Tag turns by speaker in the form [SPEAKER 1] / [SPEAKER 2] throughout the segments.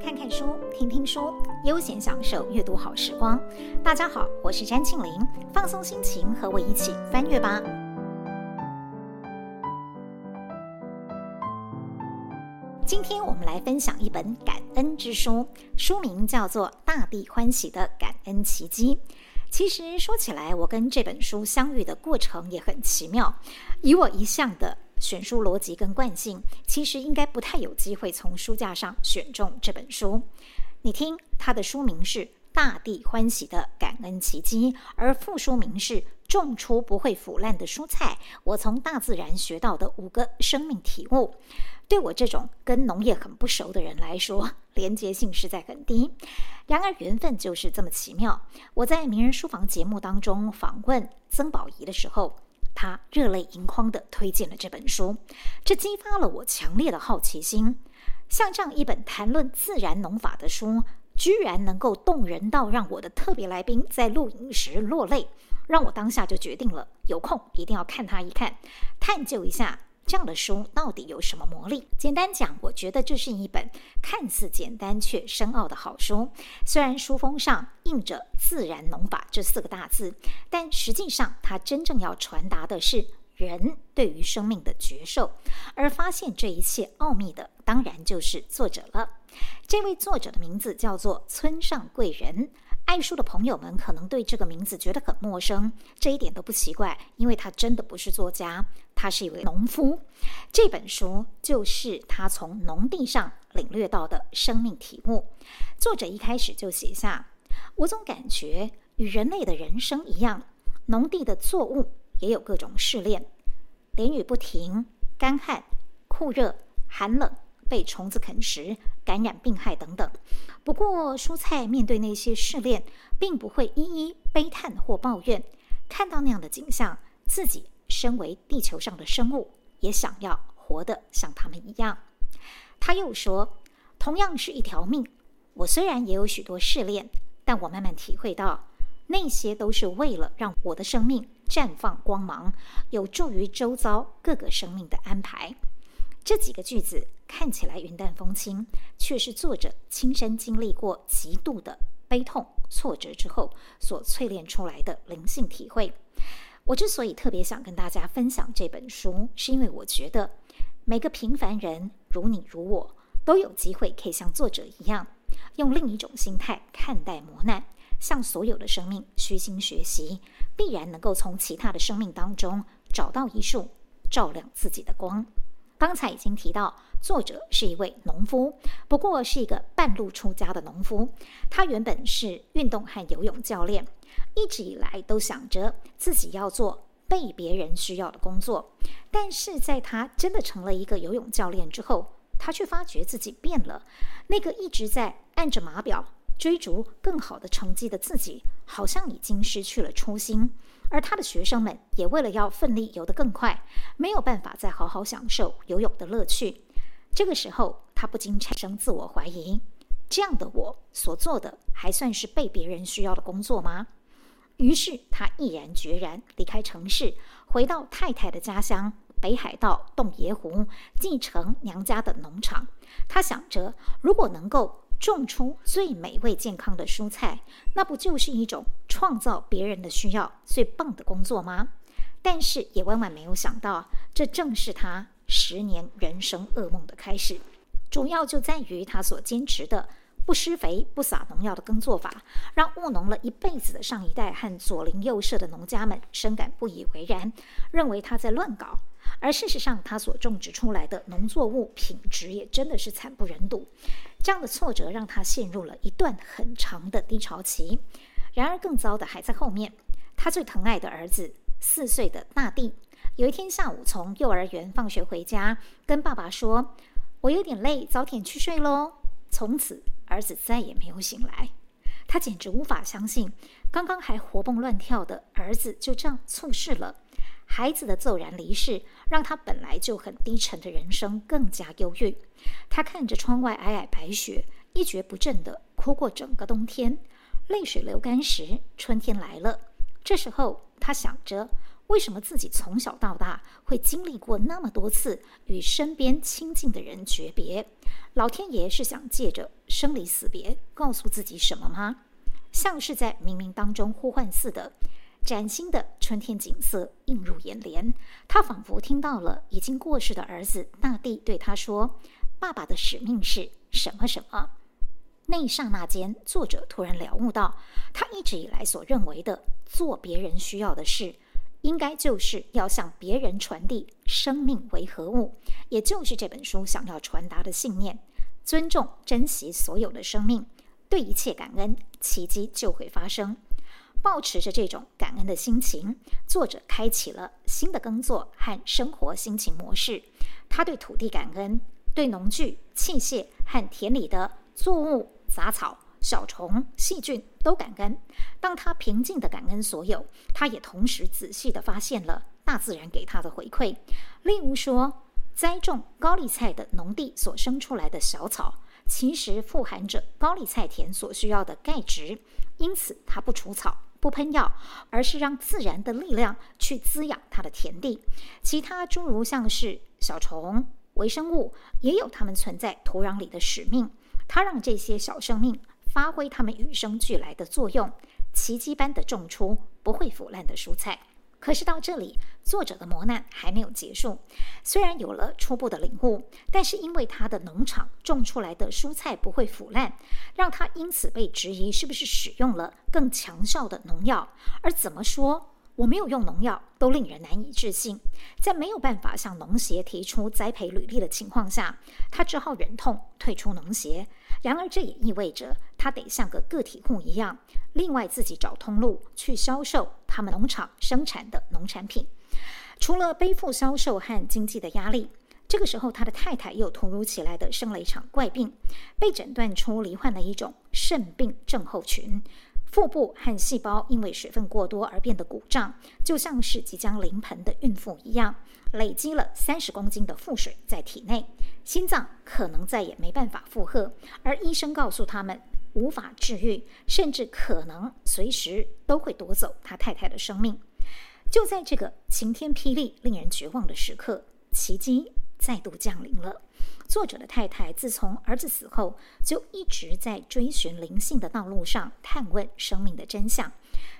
[SPEAKER 1] 看看書，聽聽書，悠閒享受閱讀好時光。大家好，我是詹慶林，放鬆心情，和我一起翻閱吧。今天我們來分享一本感恩之書，書名叫做《大地歡喜的感恩奇蹟》。其實說起來，我跟這本書相遇的過程也很奇妙，與我一向的選書邏輯跟慣性，其實應該不太有機會從書架上選中這本書。你聽，它的書名是《大地歡喜的感恩奇蹟》，而副書名是《種出不會腐爛的蔬菜：我從大自然學到的五個生命體悟》。對我這種跟農業很不熟的人來說，連結性實在很低。然而，緣分就是這麼奇妙。我在《名人書房》節目當中訪問曾寶儀的時候。他熱淚盈眶地推薦了這本書，這激發了我強烈的好奇心。像這樣一本談論自然農法的書，居然能夠動人到讓我的特別來賓在錄影時落淚，讓我當下就決定了，有空一定要看他一看，探究一下。這樣的書到底有什麼魔力？簡單講，我覺得這是一本看似簡單卻深奧的好書。雖然書封上印着“自然農法”這四個大字，但實際上它真正要傳達的是人對於生命的覺受。而發現這一切奧秘的，當然就是作者了。這位作者的名字叫做村上貴人。愛書的朋友們可能對這個名字覺得很陌生，這一點都不奇怪，因為他真的不是作家，他是一位農夫。這本書就是他從農地上領略到的生命題目。作者一開始就寫下：“我總感覺與人類的人生一樣，農地的作物也有各種試煉，連雨不停，乾旱，酷熱，寒冷。”被蟲子啃食、感染病害等等。不過，蔬菜面對那些試煉，並不會一一悲嘆或抱怨。看到那樣的景象，自己身為地球上的生物，也想要活得像他們一樣。他又說：“同樣是一條命，我雖然也有許多試煉，但我慢慢體會到，那些都是為了讓我的生命綻放光芒，有助於周遭各個生命的安排。”這幾個句子看起來雲淡風輕，卻是作者親身經歷過極度的悲痛挫折之後所淬煉出來的靈性體會。我之所以特別想跟大家分享這本書，是因為我覺得每個平凡人如你如我，都有機會可以像作者一樣，用另一種心態看待磨難，向所有的生命虛心學習，必然能夠從其他的生命當中找到一束照亮自己的光。剛才已經提到，作者是一位農夫，不過是一個半路出家的農夫。他原本是運動和游泳教練，一直以來都想着自己要做被別人需要的工作。但是在他真的成了一個游泳教練之後，他卻發覺自己變了。那個一直在按着碼表追逐更好的成績的自己，好像已經失去了初心。而他的學生們也為了要奮力游得更快，沒有辦法再好好享受游泳的樂趣。這個時候，他不禁產生自我懷疑：這樣的我所做的，還算是被別人需要的工作嗎？於是，他毅然決然離開城市，回到太太的家鄉北海道洞爺湖，繼承娘家的農場。他想着，如果能夠……種出最美味健康的蔬菜，那不就是一種創造別人的需要最棒的工作嗎？但是，也萬萬沒有想到，這正是他十年人生噩夢的開始。主要就在於他所堅持的不施肥、不撒農藥的耕作法，讓務農了一輩子的上一代和左鄰右舍的農家們深感不以為然，認為他在亂搞。而事實上，他所種植出來的農作物品質也真的是慘不忍睹。這樣的挫折讓他陷入了一段很長的低潮期。然而，更糟的還在後面。他最疼愛的兒子，四歲的大地，有一天下午從幼兒園放學回家，跟爸爸說：“我有點累，早點去睡咯。”從此，兒子再也沒有醒來。他簡直無法相信，剛剛還活蹦亂跳的兒子就這樣出事了。孩子的驟然離世，讓他本來就很低沉的人生更加憂鬱。他看着窗外皚皚白雪，一蹶不振地哭過整個冬天。淚水流乾時，春天來了。這時候，他想着：為什麼自己從小到大會經歷過那麼多次與身邊親近的人訣別？老天爺是想借着生離死別告訴自己什麼嗎？像是在冥冥當中呼喚似的。嶄新的春天景色映入眼簾，他仿佛聽到了已經過世的兒子大地對他說：“爸爸的使命是什麼什麼？”那一剎那間，作者突然了悟到，他一直以來所認為的做別人需要的事，應該就是要向別人傳遞生命為何物，也就是這本書想要傳達的信念：尊重、珍惜所有的生命，對一切感恩，奇蹟就會發生。保持着這種感恩的心情，作者開啟了新的耕作和生活心情模式。他對土地感恩，對農具、器械和田裡的作物、雜草、小蟲、細菌都感恩。當他平靜的感恩所有，他也同時仔細地發現了大自然給他的回饋。例如說，栽種高麗菜的農地所生出來的小草，其實富含着高麗菜田所需要的鈣質，因此他不除草。不噴藥，而是讓自然的力量去滋養它的田地。其他諸如像是小蟲、微生物，也有它們存在土壤裡的使命。它讓這些小生命發揮它們與生俱來的作用，奇蹟般地種出不會腐爛的蔬菜。可是到這裡，作者的磨難還沒有結束。雖然有了初步的領悟，但是因為他的農場種出來的蔬菜不會腐爛，讓他因此被質疑是不是使用了更強效的農藥。而怎麼說？我沒有用農藥，都令人難以置信。在沒有辦法向農協提出栽培履歷的情況下，他只好忍痛退出農協。然而，這也意味着他得像個個體戶一樣，另外自己找通路去銷售他們農場生產的農產品。除了背負銷售和經濟的壓力，這個時候他的太太又突如其來的生了一場怪病，被診斷出罹患了一種腎病症候群。腹部和細胞因為水分過多而變得鼓脹，就像是即將臨盆的孕婦一樣，累積了三十公斤的腹水在體內，心臟可能再也沒辦法負荷。而醫生告訴他們，無法治癒，甚至可能隨時都會奪走他太太的生命。就在這個晴天霹靂、令人絕望的時刻，奇蹟再度降臨了。作者的太太自從兒子死後，就一直在追尋靈性的道路上探問生命的真相。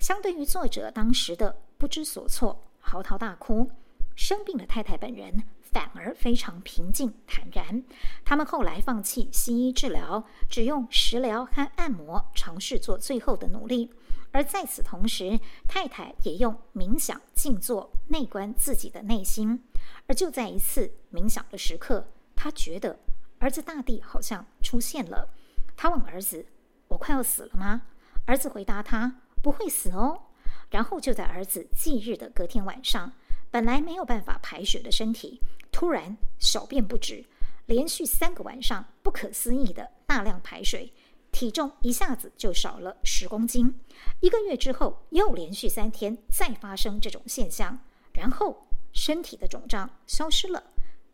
[SPEAKER 1] 相對於作者當時的不知所措、嚎啕大哭，生病的太太本人反而非常平靜坦然。他們後來放棄西醫治療，只用食療和按摩嘗試做最後的努力。而在此同時，太太也用冥想、靜坐、內觀自己的內心。而就在一次冥想的時刻。他覺得兒子大地好像出現了。他問兒子：“我快要死了嗎？”兒子回答他：“不會死哦。”然後就在兒子忌日的隔天晚上，本來沒有辦法排水的身體突然小便不止，連續三個晚上不可思議的大量排水，體重一下子就少了十公斤。一個月之後，又連續三天再發生這種現象，然後身體的腫脹消失了，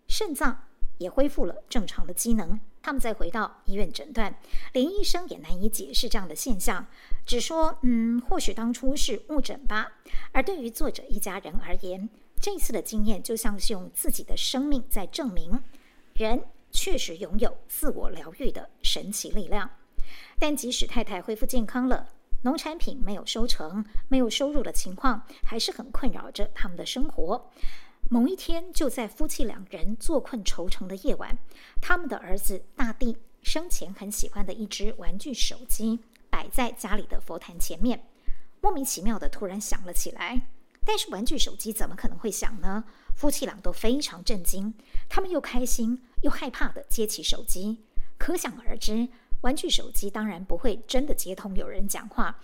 [SPEAKER 1] 腎臟。也恢復了正常的機能。他們再回到醫院診斷，連醫生也難以解釋這樣的現象，只說：“嗯，或許當初是誤診吧。”而對於作者一家人而言，這次的經驗就像是用自己的生命在證明，人確實擁有自我療癒的神奇力量。但即使太太恢復健康了，農產品沒有收成、沒有收入的情況，還是很困擾着他們的生活。某一天，就在夫妻兩人坐困愁城的夜晚，他們的兒子大地生前很喜歡的一隻玩具手機，擺在家裡的佛壇前面，莫名其妙的突然響了起來。但是玩具手機怎麼可能會響呢？夫妻倆都非常震驚，他們又開心又害怕的接起手機。可想而知，玩具手機當然不會真的接通有人講話。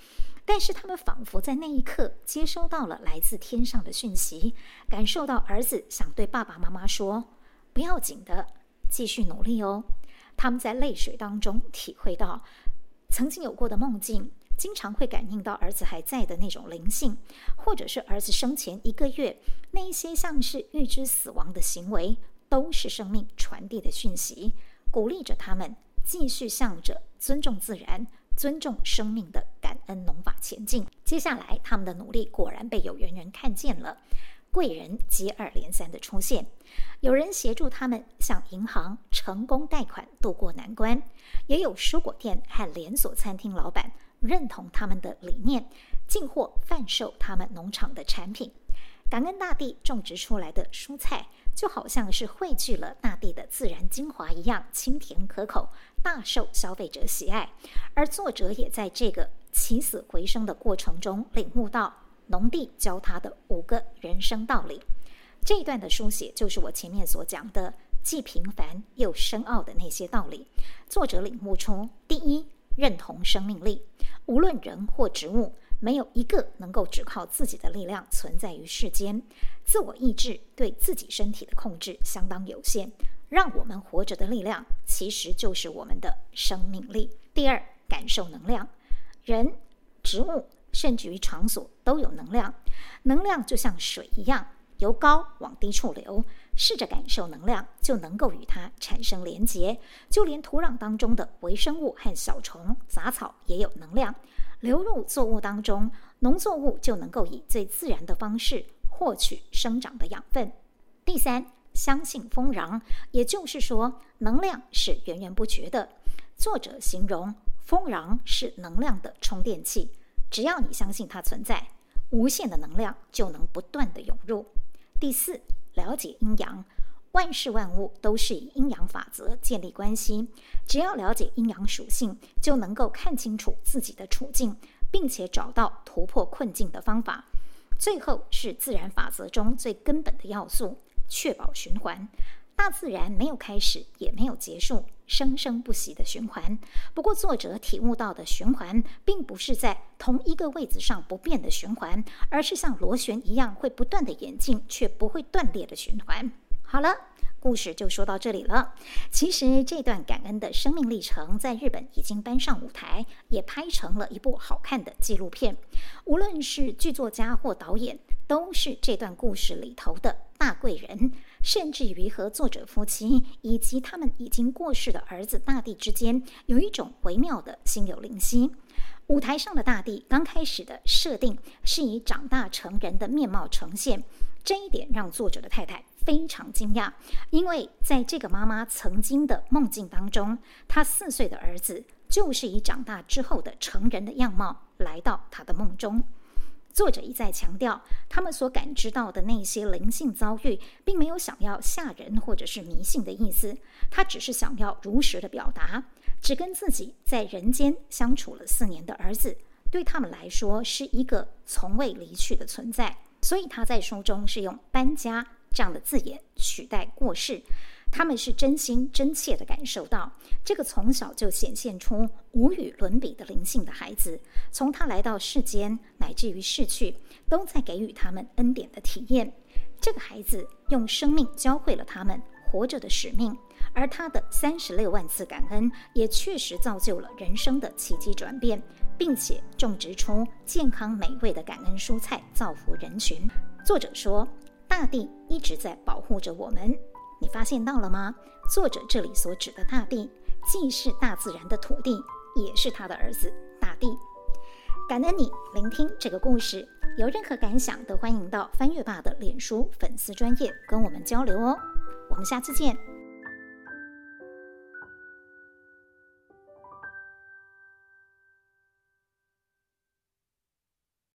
[SPEAKER 1] 但是他們仿佛在那一刻接收到了來自天上的訊息，感受到兒子想對爸爸媽媽說：“不要緊的，繼續努力哦。”他們在淚水當中體會到，曾經有過的夢境，經常會感應到兒子還在的那種靈性，或者是兒子生前一個月那一些像是預知死亡的行為，都是生命傳遞的訊息，鼓勵着他們繼續向着尊重自然、尊重生命的。恩農法前進，接下來他們的努力果然被有緣人看見了，貴人接二連三的出現。有人協助他們向銀行成功貸款度過難關，也有蔬果店和連鎖餐廳老板認同他們的理念，進貨販售他們農場的產品。感恩大地種植出來的蔬菜，就好像是匯聚了大地的自然精華一樣，清甜可口，大受消費者喜愛，而作者也在這個起死回生的過程中領悟到農地教他的五個人生道理。這一段的書寫就是我前面所講的既平凡又深奧的那些道理。作者領悟出第一，認同生命力，無論人或植物，沒有一個能夠只靠自己的力量存在於世間，自我意志對自己身體的控制相當有限。讓我們活着的力量其實就是我們的生命力。第二，感受能量，人、植物甚至於場所都有能量。能量就像水一樣，由高往低處流。試着感受能量，就能夠與它產生連結。就連土壤當中的微生物和小蟲、雜草也有能量流入作物當中，農作物就能夠以最自然的方式獲取生長的養分。第三。相信豐穰，也就是說，能量是源源不絕的。作者形容豐穰是能量的充電器，只要你相信它存在，無限的能量就能不斷地湧入。第四，了解陰陽，萬事萬物都是以陰陽法則建立關係，只要了解陰陽屬性，就能夠看清楚自己的處境，並且找到突破困境的方法。最後是自然法則中最根本的要素。確保循環，大自然沒有開始，也沒有結束，生生不息的循環。不過，作者體悟到的循環，並不是在同一個位置上不變的循環，而是像螺旋一樣會不斷的演進，卻不會斷裂的循環。好了，故事就說到這裡了。其實，這段感恩的生命歷程在日本已經搬上舞台，也拍成了一部好看的紀錄片。無論是劇作家或導演，都是這段故事裡頭的大貴人，甚至於和作者夫妻以及他們已經過世的兒子大地之間，有一種微妙的心有靈犀。舞台上的大地剛開始的設定是以長大成人的面貌呈現，這一點讓作者的太太非常驚訝，因為在這個媽媽曾經的夢境當中，她四歲的兒子就是以長大之後的成人的樣貌來到她的夢中。作者一再強調，他們所感知到的那些靈性遭遇，並沒有想要嚇人或者是迷信的意思。他只是想要如實的表達，只跟自己在人間相處了四年的兒子，對他們來說是一個從未離去的存在。所以他在書中是用“搬家”這樣的字眼取代“過世”。他們是真心真切地感受到，這個從小就顯現出無與倫比的靈性的孩子，從他來到世間，乃至於逝去，都在給予他們恩典的體驗。這個孩子用生命教會了他們活着的使命，而他的三十六萬次感恩，也確實造就了人生的奇跡轉變，並且種植出健康美味的感恩蔬菜，造福人群。作者說：“大地一直在保護着我們。”你發現到了嗎？作者這裡所指的大地，既是大自然的土地，也是他的兒子大地。感恩你聆聽這個故事，有任何感想都歡迎到翻閱 bar 的臉書粉絲專頁跟我們交流哦。我們下次見。